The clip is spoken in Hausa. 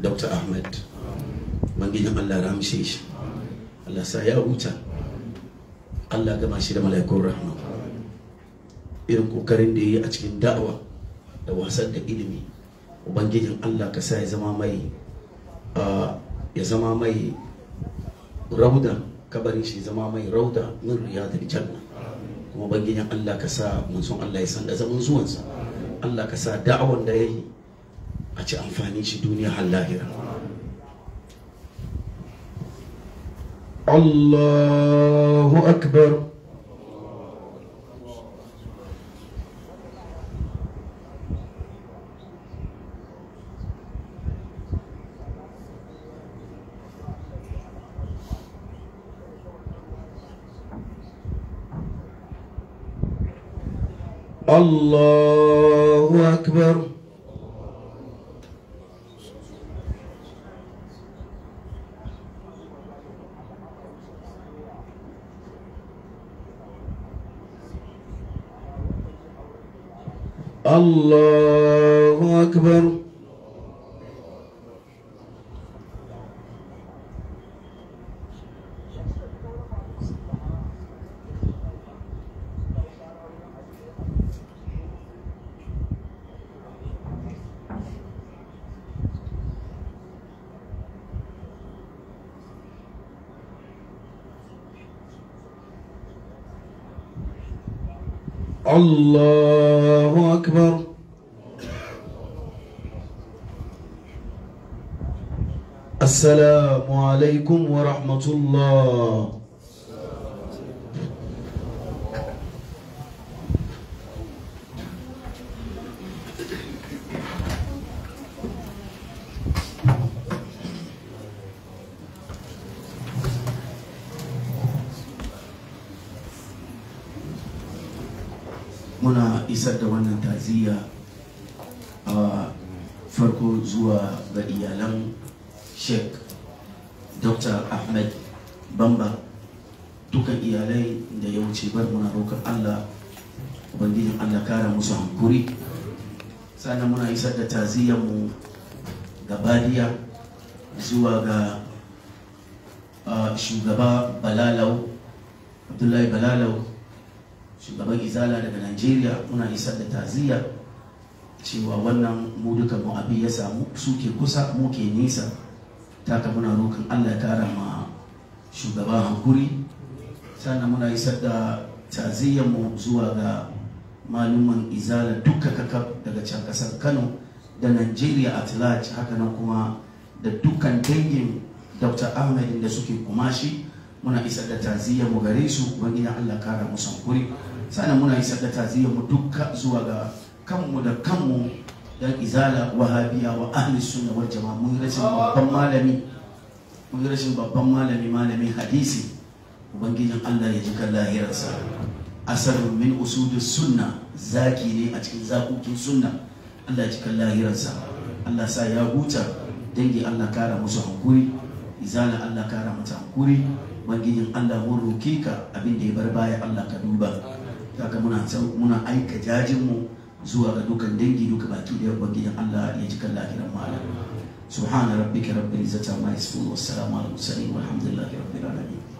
Dr. Ahmed Bangijin Allah ramshe shi Allah sa ya huta Allah gama shi da mala'ikun rahama irin kokarin da ya yi a cikin da'awa da wasar da ilimi Ubangijin Allah ka sa ya zama mai ya zama mai rauda kabarin shi zama mai rauda min riyadul janna kuma Ubangijin Allah ka sa mun son Allah ya san da zaman zuwansa Allah ka sa da'awan da ya yi a amfani shi duniya har lahira Allahu akbar الله أكبر الله أكبر الله أكبر السلام عليكم ورحمة الله muna isar da wannan taziya a farko zuwa ga iyalan sheik dr ahmed bamba duka iyalai da ya wuce bar muna roƙar allah ubangijin allah kara musu hankuri sannan muna isar da taziyanmu ga badiya zuwa ga shugaba balalau abdullahi balalau shugaban izala daga najeriya muna isar da taziya cewa wannan mu duka mu abi ya samu suke kusa mu ke nisa taka muna roƙon allah ya kara ma shugaba hankuri sannan muna isar da taziyyar mu zuwa ga maluman izala duka kakaf daga can kasar kano da nigeria at large hakanan kuma da dukkan dangin dr ahmed da suke kumashi muna isa da taziyyar mu gare su ubangiji Allah kara musu hankuri sana muna isa da taziyar mu dukka zuwa ga kanmu da kanmu dan izala wahabiya wa ahli sunna wal jama'a mun rashin babban malami mun rashin babban malami malami hadisi ubangijin Allah ya ji kan lahirarsa asar min usudus sunna zaki ne a cikin zakokin sunna Allah ya ji kan lahirarsa Allah sa ya huta dangi Allah kara musu hankuri izala Allah kara mata hankuri bangijin Allah mun roke ka abin da ya bar baya Allah ka duba kaga muna muna aika jajin mu zuwa ga dukan dangi duka baki da bangijin Allah ya ji kan lafiyan malam subhana rabbika rabbil izzati amma yasifun wassalamu ala mursalin walhamdulillahi rabbil alamin